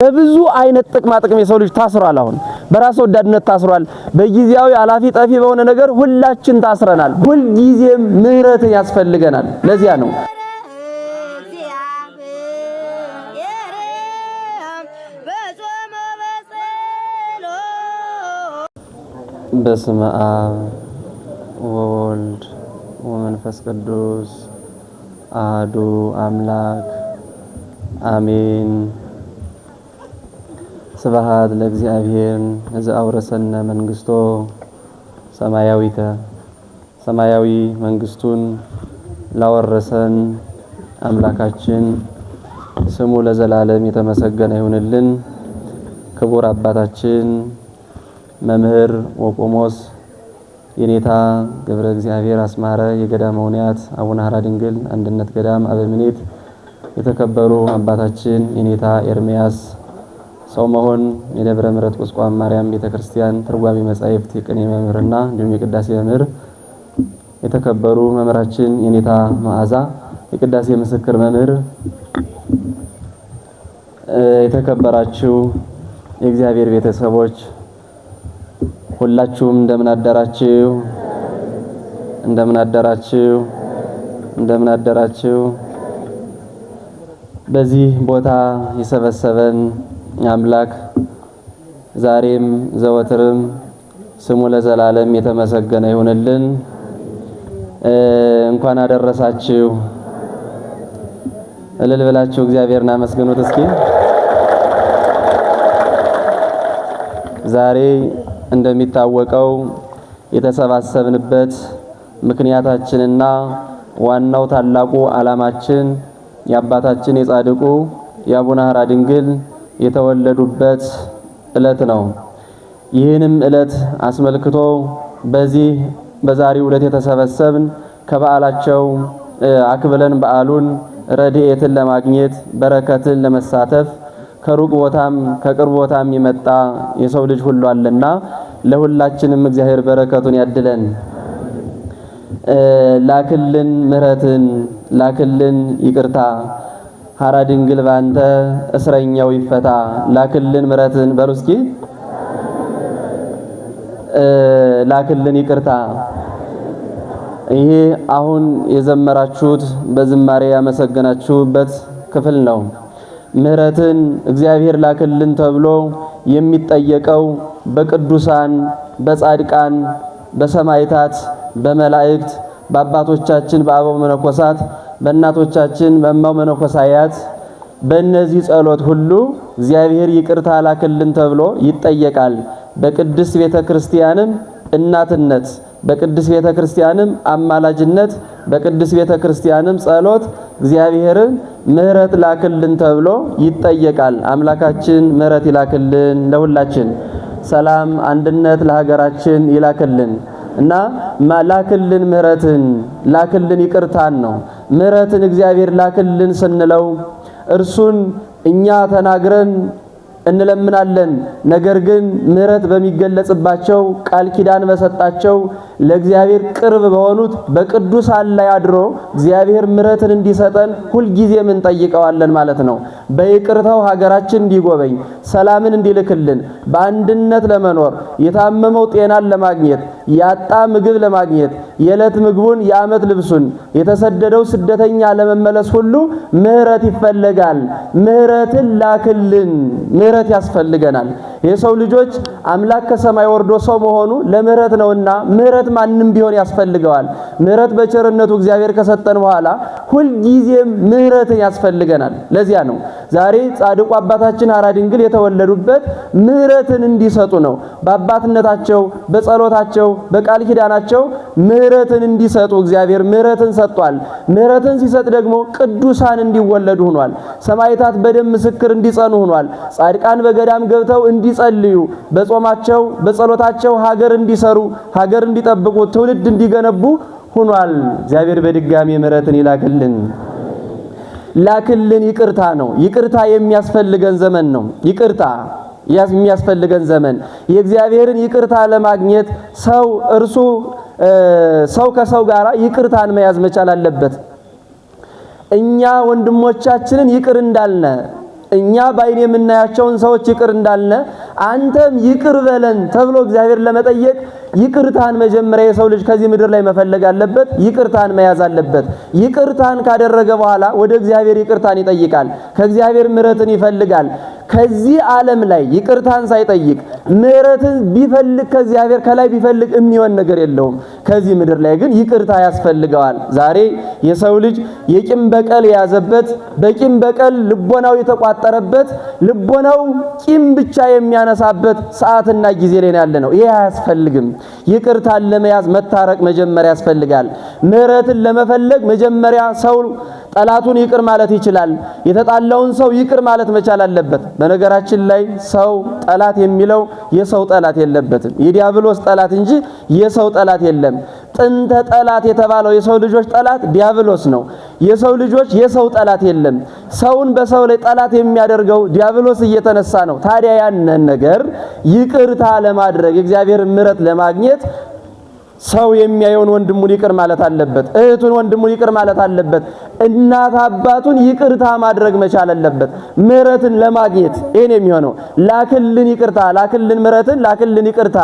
በብዙ አይነት ጥቅማ ጥቅም የሰው ልጅ ታስሯል። አሁን በራስ ወዳድነት ታስሯል። በጊዜያዊ አላፊ ጠፊ በሆነ ነገር ሁላችን ታስረናል። ሁልጊዜም ምህረትን ያስፈልገናል። ለዚያ ነው በስመ አብ ወወልድ ወመንፈስ ቅዱስ አህዱ አምላክ አሜን። ስብሃት ለእግዚአብሔር እዚ አውረሰነ መንግስቶ ሰማያዊተ ሰማያዊ መንግስቱን ላወረሰን አምላካችን ስሙ ለዘላለም የተመሰገነ ይሁንልን። ክቡር አባታችን መምህር ወቆሞስ የኔታ ገብረ እግዚአብሔር አስማረ የገዳመ ውንያት አቡነ ሀራ ድንግል አንድነት ገዳም አበምኔት የተከበሩ አባታችን የኔታ ኤርምያስ ሰው መሆን የደብረ ምሕረት ቁስቋም ማርያም ቤተክርስቲያን ትርጓሚ ትርጓሜ መጻሕፍት የቅኔ መምህርና እንዲሁም የቅዳሴ መምህር የተከበሩ መምህራችን የኔታ መዓዛ የቅዳሴ ምስክር መምህር የተከበራችሁ የእግዚአብሔር ቤተሰቦች ሁላችሁም እንደምን አደራችሁ? እንደምን አደራችሁ? እንደምን አደራችሁ? በዚህ ቦታ የሰበሰበን አምላክ ዛሬም ዘወትርም ስሙ ለዘላለም የተመሰገነ ይሁንልን። እንኳን አደረሳችሁ። እልል ብላችሁ እግዚአብሔርን አመስግኑት። እስኪ ዛሬ እንደሚታወቀው የተሰባሰብንበት ምክንያታችንና ዋናው ታላቁ ዓላማችን የአባታችን የጻድቁ የአቡነ ሀራ ድንግል የተወለዱበት ዕለት ነው። ይህንም ዕለት አስመልክቶ በዚህ በዛሬው ዕለት የተሰበሰብን ከበዓላቸው አክብለን በዓሉን ረድኤትን ለማግኘት በረከትን ለመሳተፍ ከሩቅ ቦታም ከቅርብ ቦታም የመጣ የሰው ልጅ ሁሉ አለና ለሁላችንም እግዚአብሔር በረከቱን ያድለን። ላክልን ምሕረትን ላክልን ይቅርታ ሀራ ድንግል ባንተ እስረኛው ይፈታ ላክልን ምረትን በሉ እስኪ ላክልን ይቅርታ። ይሄ አሁን የዘመራችሁት በዝማሬ ያመሰገናችሁበት ክፍል ነው። ምሕረትን እግዚአብሔር ላክልን ተብሎ የሚጠየቀው በቅዱሳን፣ በጻድቃን፣ በሰማይታት፣ በመላእክት በአባቶቻችን በአበው መነኮሳት በእናቶቻችን በእማው መነኮሳያት በእነዚህ ጸሎት ሁሉ እግዚአብሔር ይቅርታ ላክልን ተብሎ ይጠየቃል። በቅድስት ቤተ ክርስቲያንም እናትነት፣ በቅድስት ቤተ ክርስቲያንም አማላጅነት፣ በቅድስት ቤተ ክርስቲያንም ጸሎት እግዚአብሔርን ምሕረት ላክልን ተብሎ ይጠየቃል። አምላካችን ምሕረት ይላክልን ለሁላችን፣ ሰላም አንድነት ለሀገራችን ይላክልን። እና ላክልን ምሕረትን ላክልን ይቅርታን ነው። ምሕረትን እግዚአብሔር ላክልን ስንለው እርሱን እኛ ተናግረን እንለምናለን። ነገር ግን ምሕረት በሚገለጽባቸው ቃል ኪዳን በሰጣቸው ለእግዚአብሔር ቅርብ በሆኑት በቅዱሳን ላይ አድሮ እግዚአብሔር ምረትን እንዲሰጠን ምን እንጠይቀዋለን ማለት ነው። በይቅርታው ሀገራችን እንዲጎበኝ፣ ሰላምን እንዲልክልን፣ በአንድነት ለመኖር የታመመው ጤናን ለማግኘት ያጣ ምግብ ለማግኘት የዕለት ምግቡን የዓመት ልብሱን የተሰደደው ስደተኛ ለመመለስ ሁሉ ምህረት ይፈለጋል። ምህረትን ላክልን። ምህረት ያስፈልገናል። የሰው ልጆች አምላክ ከሰማይ ወርዶ ሰው መሆኑ ለምህረት ነውና ምሕረት ማንም ቢሆን ያስፈልገዋል። ምሕረት በቸርነቱ እግዚአብሔር ከሰጠን በኋላ ሁልጊዜም ምሕረትን ያስፈልገናል። ለዚያ ነው ዛሬ ጻድቁ አባታችን ሐራ ድንግል የተወለዱበት ምሕረትን እንዲሰጡ ነው። በአባትነታቸው፣ በጸሎታቸው፣ በቃል ኪዳናቸው ምሕረትን እንዲሰጡ እግዚአብሔር ምሕረትን ሰጥቷል። ምሕረትን ሲሰጥ ደግሞ ቅዱሳን እንዲወለዱ ሆኗል። ሰማይታት በደም ምስክር እንዲጸኑ ሆኗል። ጻድቃን በገዳም ገብተው እንዲጸልዩ፣ በጾማቸው በጸሎታቸው ሀገር እንዲሰሩ ሀገር እንዲጠ የሚጠብቁ ትውልድ እንዲገነቡ ሆኗል። እግዚአብሔር በድጋሚ ምሕረትን ይላክልን ላክልን። ይቅርታ ነው። ይቅርታ የሚያስፈልገን ዘመን ነው። ይቅርታ የሚያስፈልገን ዘመን የእግዚአብሔርን ይቅርታ ለማግኘት ሰው እርሱ ሰው ከሰው ጋር ይቅርታን መያዝ መቻል አለበት። እኛ ወንድሞቻችንን ይቅር እንዳልነ እኛ በአይን የምናያቸውን ሰዎች ይቅር እንዳልነ አንተም ይቅር በለን ተብሎ እግዚአብሔር ለመጠየቅ ይቅርታን መጀመሪያ የሰው ልጅ ከዚህ ምድር ላይ መፈለግ አለበት። ይቅርታን መያዝ አለበት። ይቅርታን ካደረገ በኋላ ወደ እግዚአብሔር ይቅርታን ይጠይቃል። ከእግዚአብሔር ምሕረትን ይፈልጋል። ከዚህ ዓለም ላይ ይቅርታን ሳይጠይቅ ምሕረትን ቢፈልግ ከእግዚአብሔር ከላይ ቢፈልግ የሚሆን ነገር የለውም። ከዚህ ምድር ላይ ግን ይቅርታ ያስፈልገዋል። ዛሬ የሰው ልጅ የቂም በቀል የያዘበት በቂም በቀል ልቦናው የተቋጠረበት ልቦናው ቂም ብቻ የሚያነ የምናነሳበት ሰዓትና ጊዜ ላይ ያለ ነው። ይሄ አያስፈልግም። ይቅርታን ለመያዝ መታረቅ መጀመሪያ ያስፈልጋል። ምህረትን ለመፈለግ መጀመሪያ ሰው ጠላቱን ይቅር ማለት ይችላል። የተጣላውን ሰው ይቅር ማለት መቻል አለበት። በነገራችን ላይ ሰው ጠላት የሚለው የሰው ጠላት የለበትም። የዲያብሎስ ጠላት እንጂ የሰው ጠላት የለም። ጥንተ ጠላት የተባለው የሰው ልጆች ጠላት ዲያብሎስ ነው። የሰው ልጆች የሰው ጠላት የለም። ሰውን በሰው ላይ ጠላት የሚያደርገው ዲያብሎስ እየተነሳ ነው። ታዲያ ያንን ነገር ይቅርታ ለማድረግ የእግዚአብሔር ምረት ለማግኘት ሰው የሚያየውን ወንድሙን ይቅር ማለት አለበት። እህቱን ወንድሙን ይቅር ማለት አለበት። እናት አባቱን ይቅርታ ማድረግ መቻል አለበት። ምረትን ለማግኘት ይሄን የሚሆነው ላክልን ይቅርታ፣ ላክልን ምረትን፣ ላክልን ይቅርታ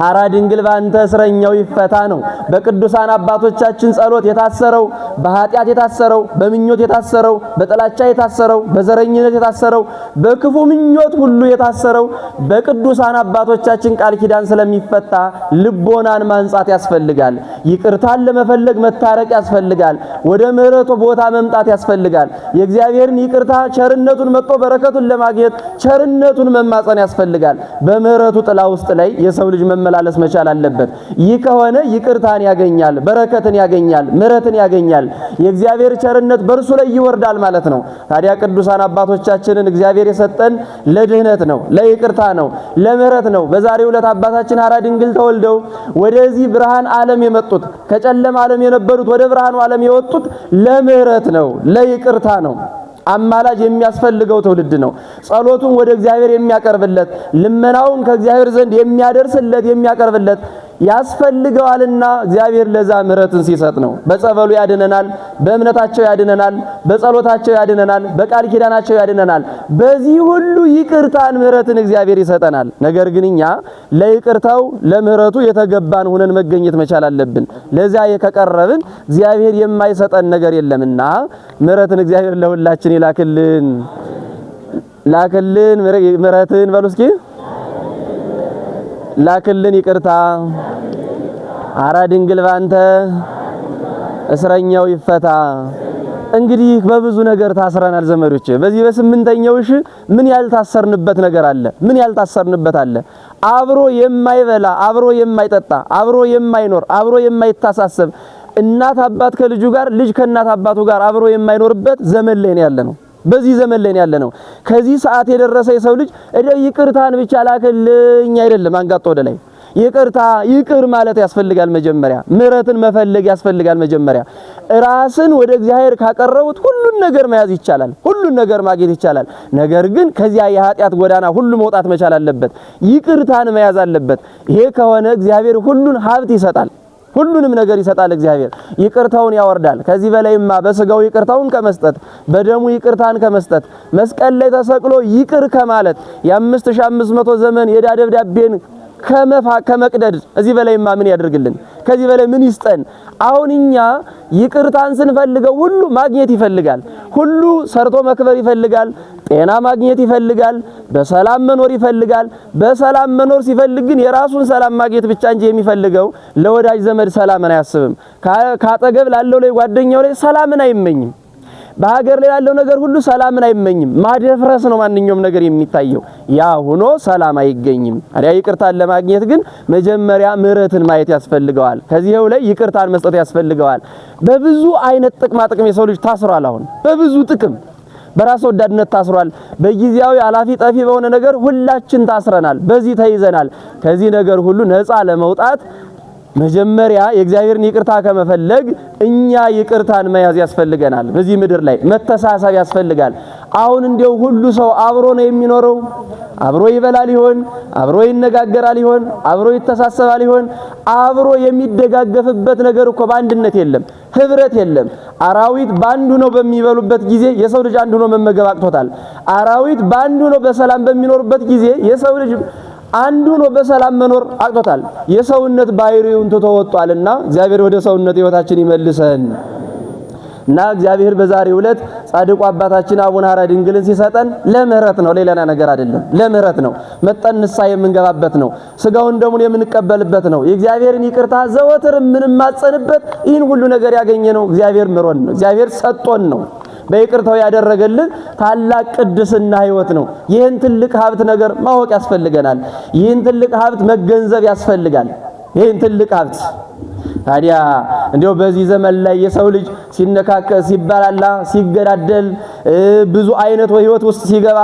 ሐራ ድንግል ባንተ እስረኛው ይፈታ ነው። በቅዱሳን አባቶቻችን ጸሎት የታሰረው በኃጢአት የታሰረው በምኞት የታሰረው በጥላቻ የታሰረው በዘረኝነት የታሰረው በክፉ ምኞት ሁሉ የታሰረው በቅዱሳን አባቶቻችን ቃል ኪዳን ስለሚፈታ ልቦናን ማንጻት ያስፈልጋል። ይቅርታን ለመፈለግ መታረቅ ያስፈልጋል። ወደ ምሕረቱ ቦታ መምጣት ያስፈልጋል። የእግዚአብሔርን ይቅርታ ቸርነቱን መጦ በረከቱን ለማግኘት ቸርነቱን መማጸን ያስፈልጋል። በምሕረቱ ጥላ ውስጥ ላይ የሰው ልጅ መመላለስ መቻል አለበት። ይህ ከሆነ ይቅርታን ያገኛል፣ በረከትን ያገኛል፣ ምረትን ያገኛል። የእግዚአብሔር ቸርነት በእርሱ ላይ ይወርዳል ማለት ነው። ታዲያ ቅዱሳን አባቶቻችንን እግዚአብሔር የሰጠን ለድህነት ነው፣ ለይቅርታ ነው፣ ለምረት ነው። በዛሬው ዕለት አባታችን ሐራ ድንግል ተወልደው ወደዚህ ብርሃን ዓለም የመጡት ከጨለማ ዓለም የነበሩት ወደ ብርሃኑ ዓለም የወጡት ለምረት ነው፣ ለይቅርታ ነው። አማላጅ የሚያስፈልገው ትውልድ ነው። ጸሎቱን ወደ እግዚአብሔር የሚያቀርብለት ልመናውን ከእግዚአብሔር ዘንድ የሚያደርስለት የሚያቀርብለት ያስፈልገዋልና እግዚአብሔር ለዛ ምሕረትን ሲሰጥ ነው። በጸበሉ ያድነናል፣ በእምነታቸው ያድነናል፣ በጸሎታቸው ያድነናል፣ በቃል ኪዳናቸው ያድነናል። በዚህ ሁሉ ይቅርታን ምሕረትን እግዚአብሔር ይሰጠናል። ነገር ግን እኛ ለይቅርታው ለምሕረቱ የተገባን ሆነን መገኘት መቻል አለብን። ለዚያ የከቀረብን እግዚአብሔር የማይሰጠን ነገር የለምና ምሕረትን እግዚአብሔር ለሁላችን ይላክልን ላክልን ምሕረትን በሉ እስኪ ላክልን ይቅርታ አረ ድንግል ባንተ እስረኛው ይፈታ። እንግዲህ በብዙ ነገር ታስረናል ዘመዶች። በዚህ በስምንተኛው እሺ፣ ምን ያልታሰርንበት ነገር አለ? ምን ያልታሰርንበት አለ? አብሮ የማይበላ አብሮ የማይጠጣ አብሮ የማይኖር አብሮ የማይታሳሰብ እናት አባት ከልጁ ጋር ልጅ ከእናት አባቱ ጋር አብሮ የማይኖርበት ዘመን ላይ ነው ያለ ነው። በዚህ ዘመን ላይ ያለ ነው። ከዚህ ሰዓት የደረሰ የሰው ልጅ እደ ይቅርታን ብቻ ላክልኝ አይደለም፣ አንጋጦ ወደ ላይ ይቅርታ ይቅር ማለት ያስፈልጋል። መጀመሪያ ምሕረትን መፈለግ ያስፈልጋል። መጀመሪያ ራስን ወደ እግዚአብሔር ካቀረቡት ሁሉን ነገር መያዝ ይቻላል፣ ሁሉን ነገር ማግኘት ይቻላል። ነገር ግን ከዚያ የኃጢአት ጎዳና ሁሉ መውጣት መቻል አለበት፣ ይቅርታን መያዝ አለበት። ይሄ ከሆነ እግዚአብሔር ሁሉን ሀብት ይሰጣል። ሁሉንም ነገር ይሰጣል እግዚአብሔር። ይቅርታውን ያወርዳል። ከዚህ በላይማ በስጋው ይቅርታውን ከመስጠት በደሙ ይቅርታን ከመስጠት መስቀል ላይ ተሰቅሎ ይቅር ከማለት የ5500 ዘመን የዕዳ ደብዳቤን ከመፋ ከመቅደድ እዚህ በላይማ ምን ያደርግልን? ከዚህ በላይ ምን ይስጠን? አሁን እኛ ይቅርታን ስንፈልገው ሁሉ ማግኘት ይፈልጋል። ሁሉ ሰርቶ መክበር ይፈልጋል። ጤና ማግኘት ይፈልጋል። በሰላም መኖር ይፈልጋል። በሰላም መኖር ሲፈልግ ግን የራሱን ሰላም ማግኘት ብቻ እንጂ የሚፈልገው ለወዳጅ ዘመድ ሰላምን አያስብም። ካጠገብ ላለው ላይ ጓደኛው ላይ ሰላምን አይመኝም። በሀገር ላይ ላለው ነገር ሁሉ ሰላምን አይመኝም። ማደፍረስ ነው ማንኛውም ነገር የሚታየው። ያ ሆኖ ሰላም አይገኝም። አዲያ ይቅርታን ለማግኘት ግን መጀመሪያ ምሕረትን ማየት ያስፈልገዋል። ከዚህው ላይ ይቅርታን መስጠት ያስፈልገዋል። በብዙ አይነት ጥቅማ ጥቅም የሰው ልጅ ታስሯል። አሁን በብዙ ጥቅም በራስ ወዳድነት ታስሯል። በጊዜያዊ አላፊ ጠፊ በሆነ ነገር ሁላችን ታስረናል። በዚህ ተይዘናል። ከዚህ ነገር ሁሉ ነፃ ለመውጣት መጀመሪያ የእግዚአብሔርን ይቅርታ ከመፈለግ እኛ ይቅርታን መያዝ ያስፈልገናል። በዚህ ምድር ላይ መተሳሰብ ያስፈልጋል። አሁን እንደው ሁሉ ሰው አብሮ ነው የሚኖረው። አብሮ ይበላል ይሆን? አብሮ ይነጋገራል ይሆን? አብሮ ይተሳሰባል ይሆን? አብሮ የሚደጋገፍበት ነገር እኮ በአንድነት የለም። ህብረት የለም። አራዊት ባንዱ ነው በሚበሉበት ጊዜ የሰው ልጅ አንዱ ነው መመገብ አቅቶታል። አራዊት ባንዱ ነው በሰላም በሚኖርበት ጊዜ የሰው ልጅ አንዱ ነው በሰላም መኖር አቅቶታል። የሰውነት ባህሪውን ትቶ ወጧልና እግዚአብሔር ወደ ሰውነት ህይወታችን ይመልሰን። እና እግዚአብሔር በዛሬው ዕለት ጻድቁ አባታችን አቡነ ሐራ ድንግልን ሲሰጠን ለምህረት ነው፣ ሌላ ነገር አይደለም። ለምህረት ነው። መጠን ንሳ የምንገባበት ነው። ስጋውን ደሙን የምንቀበልበት ነው። የእግዚአብሔርን ይቅርታ ዘወትር የምንማጸንበት ይህን ሁሉ ነገር ያገኘ ነው እግዚአብሔር ምሮን ነው፣ እግዚአብሔር ሰጦን ነው። በይቅርታው ያደረገልን ታላቅ ቅድስና ህይወት ነው። ይህን ትልቅ ሀብት ነገር ማወቅ ያስፈልገናል። ይህን ትልቅ ሀብት መገንዘብ ያስፈልጋል። ይህን ትልቅ ሀብት ታዲያ እንዲያው በዚህ ዘመን ላይ የሰው ልጅ ሲነካከ ሲባላላ፣ ሲገዳደል ብዙ አይነት ህይወት ውስጥ ሲገባ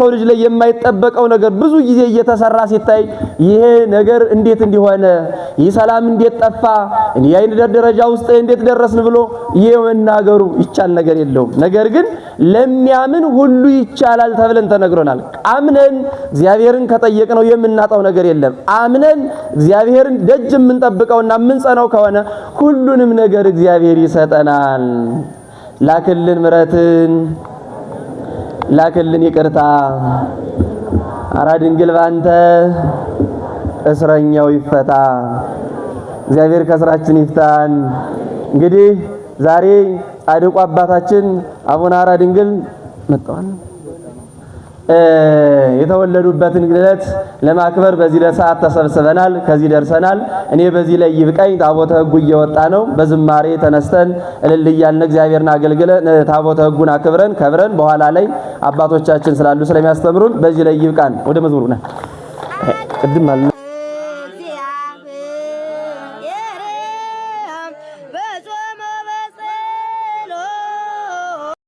ሰው ልጅ ላይ የማይጠበቀው ነገር ብዙ ጊዜ እየተሰራ ሲታይ ይሄ ነገር እንዴት እንዲሆነ ይህ ሰላም እንዴት ጠፋ፣ እንዴ አይነ ደረጃ ውስጥ እንዴት ደረስን ብሎ የመናገሩ ይቻል ነገር የለውም። ነገር ግን ለሚያምን ሁሉ ይቻላል ተብለን ተነግሮናል። አምነን እግዚአብሔርን ከጠየቅነው የምናጣው ነገር የለም። አምነን እግዚአብሔርን ደጅ የምንጠ የምንጠብቀውና የምንጸነው ከሆነ ሁሉንም ነገር እግዚአብሔር ይሰጠናል። ላክልን ምረትን ላክልን ይቅርታ። አራ ድንግል ባንተ እስረኛው ይፈታ። እግዚአብሔር ከስራችን ይፍታን። እንግዲህ ዛሬ ጻድቁ አባታችን አቡነ አራ ድንግል መጣዋል። የተወለዱበትን ዕለት ለማክበር በዚህ ለሰዓት ተሰብስበናል። ከዚህ ደርሰናል። እኔ በዚህ ላይ ይብቃኝ። ታቦተ ሕጉ እየወጣ ነው። በዝማሬ ተነስተን እልል እያልን እግዚአብሔርን አገልግለን ታቦተ ሕጉን አክብረን ከብረን በኋላ ላይ አባቶቻችን ስላሉ ስለሚያስተምሩን በዚህ ላይ ይብቃን። ወደ መዝሙሩ ና ቅድም